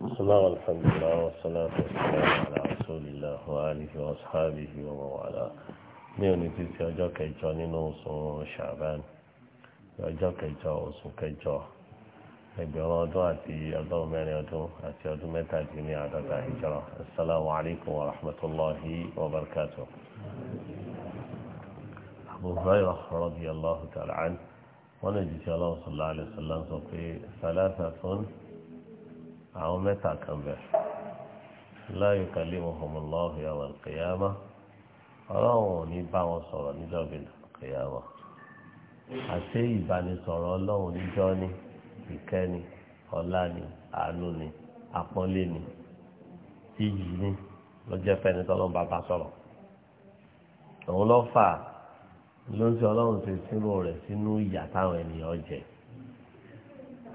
الله الحمد لله والصلاة والسلام على رسول الله وآله وأصحابه وموالا نيو نتي سي أجا كيجا نينو سو شعبان أجا كيجا وسو كيجا أجبرا دو أتي أدو ماني أدو أتي أدو ميتا جيني عدد هجرة السلام عليكم ورحمة الله وبركاته أبو هريرة رضي الله تعالى عنه ونجي الله صلى الله عليه وسلم سوفي ثلاثة àwọn mẹ́ta kan bẹ̀ la yukallimuhumullahu yawmal qiyamah ọlọ́run ò ní bá wọn sọ̀rọ̀ níjọ́ bíi qiyamah àṣé ìbánisọ̀rọ̀ ọlọ́run níjọ́ ni ìkẹ́ni ọlá ni àánú ni àpọ́nlé ni iyì ni lọ́jọ́ fẹ́ni tọ́lọ́run bàbá sọ̀rọ̀ òun lọ́ fà ló ọlọ́run ṣe sínú rẹ̀ sínú ìyà táwọn ènìyàn jẹ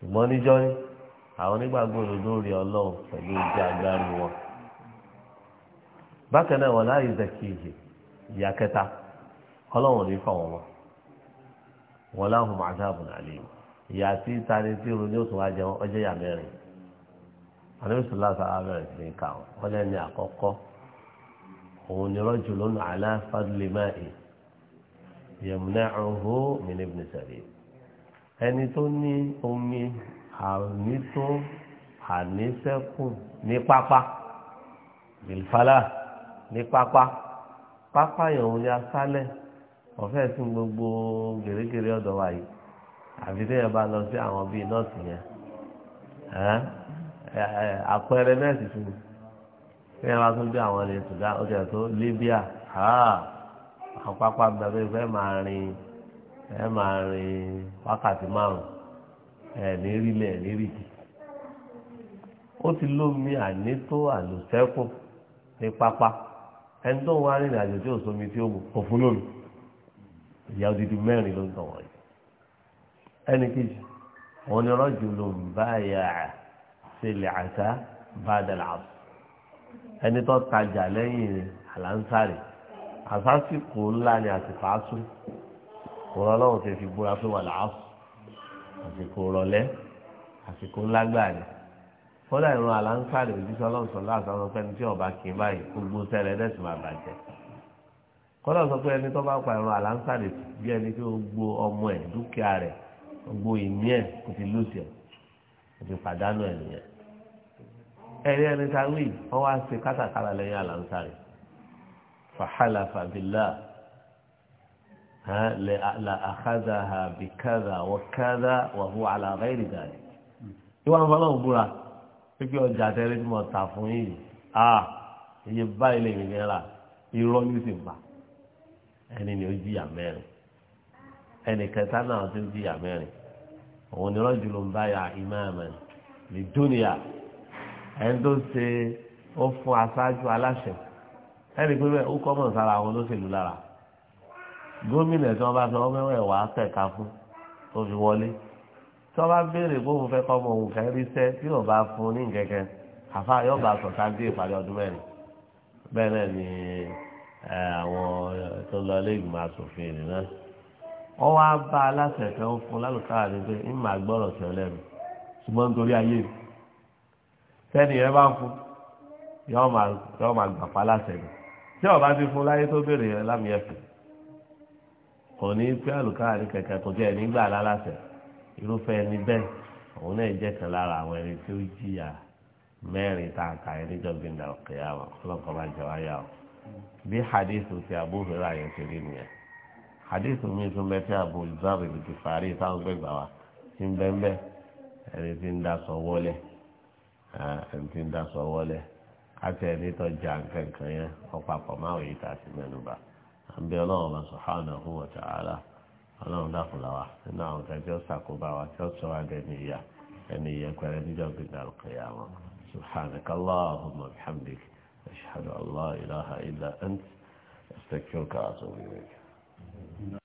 ṣùgbọ́n níjọ́ yìí àwọn onígbàgbọ́ òdodo rí ọlọ́run pẹ̀lú ojú agbárí wọn. bákan náà wọn láàyè zẹkìyè ìyá kẹta ọlọ́run ní fọwọ́n wọn wọn láhùn màdáàbù nàlẹ́ yìí ìyá tí tani tí irun ní oṣù wa jẹun ọjọ́ yà mẹ́rin àdébísọ̀lá sára bẹ̀rẹ̀ sí ní kà wọ́n wọ́n lẹ́ni àkọ́kọ́ òun ni rọ́jò lónà aláfàdúlẹ̀ máa yẹ yẹmúnà ọ̀hún mi ní ibùdó sẹ́lẹ̀ ẹni tó ní omi ànító àníṣẹ́kù ní pápá ìfàlà ní pápá pápá yòówù ni sálẹ̀ ọ̀fẹ́ sí gbogbo gèrègèrè ọ̀dọ̀ wa yìí àfi téèyàn bá lọ sí àwọn bíi nọ́ọ̀sì yẹn àpẹẹrẹ nẹ́ẹ̀sì tún téèyàn bá tún bí àwọn ilẹ̀ Sudan ó jẹ́ tó Libya àwọn pápá gbàgbé fẹ́ máa rìn. ẹ máa rin wákàtí márùn ẹ ní rílẹ̀ ní ó ti lómi ànító àlùsẹ́kù ní pápá ẹni tó ń wá rìnrìn àjò tí ò tí ó mu kò odidi mẹ́rin ló ń tàn wọ́n yìí ẹni kejì wọn ni rọ́jò ló bá yà á sílẹ̀ àṣà bá dàlà àbù ẹni tó tajà lẹ́yìn ńlá ọ̀rọ̀ ọlọ́run ti fi búra pé wà láàfù àsìkò rọ̀lẹ́ àsìkò ńlágbàá ni kódà ìrún àlàńsàrè òjíṣẹ́ ọlọ́run sọ̀rọ̀ àtàwọn ọ̀pẹ́ni tí ọba kì í báyìí gbogbo sẹ́rẹ̀ dẹ́sì máa bàjẹ́ kódà sọ pé ẹni tó bá pa ìrún àlàńsàrè bí ẹni tí ó gbó ọmọ ẹ̀ dúkìá rẹ̀ gbó ìní ẹ̀ kò ti lùsì ẹ̀ kò ti pàdánù ẹ̀ nìyẹn. ẹ̀rí ẹni ta wí ọ wá ṣe kátàkárà lẹ́yìn àlàńsàrè fàhálà fàbílà làákàdáha bìkádà wọ́kádà wàhú àlàbá ìrìgà rẹ̀. ìwà ń fọlọ́run búra pípẹ́ ọjà tẹ́lẹ̀ tí mo tà fún yìí a iye báyìí lè rìn náírà irọ́ ní sì bà ẹni ni ó jìyà mẹ́rin ẹni kẹta náà ti ń jìyà mẹ́rin òun ni rọ́jò ló ń báyà ìmáàmẹ́ ní dúnìyà ẹni tó ṣe ó fún aṣáájú aláṣẹ ẹni pé ó kọ́ mọ̀ sára àwọn olóṣèlú lára gómìnà tí wọ́n bá fi ọmọ ẹ̀wọ̀n ẹ̀wà tẹ̀ka fún tó fi wọlé tí wọ́n bá béèrè pé òun fẹ́ kọ́ ọmọ òun fẹ́ rí sẹ́ tí ò bá fún ní kẹ̀kẹ́ àfa yóò bá sọ̀tà dé ìpàdé ọdún mẹ́rin bẹ́ẹ̀ náà ni àwọn tó lọ ilé ìgbìmọ̀ asòfin ìrìn náà wọ́n wá bá aláṣẹ kan fún lálùkáwà ní pé ń máa gbọ́rọ̀ sí ọ lẹ́nu ṣùgbọ́n nítorí ayé mi sẹ́ni ẹ bá ń fún yọ́ọ́ máa gbàpá aláṣẹ mi tí ọba ti fún láyé tó béèrè lámìẹ́fẹ́ kò ní pé àlùkáàrí kẹ̀kẹ́ tó jẹ́ nígbà irúfẹ́ ẹni bẹ́ẹ̀ òun náà jẹ́ kan lára àwọn ẹni jìyà mẹ́rin tá a kà ẹ́ níjọ́ gbẹ̀ndà ọ̀kẹ́yà jẹ wáyà o bí hadith ti ti rí nìyẹn mi tún bẹ tí Abu Zar al-Ghifari táwọn gbẹgbà wa ti ń bẹ́ẹ̀ ẹni tí ń daṣọ wọlé ẹni tí ń daṣọ wọlé àti ẹni tó jà nǹkan kan yẹn ọ̀pọ̀ àpọ̀ máa tá a àbí ọlọ́run bá subhanahu wa ta'ala ọlọ́run dákùnlá wa nínú àwọn kan tí ó sàkóbá wa tí ó sọ wa dẹni ìyá ẹni ìyá pẹ̀lẹ́ níjọ́ gbẹ̀dẹ̀ al-qiyama subhanaka allahumma wa bihamdik ashhadu an la ilaha illa ant astaghfiruka wa atubu ilayk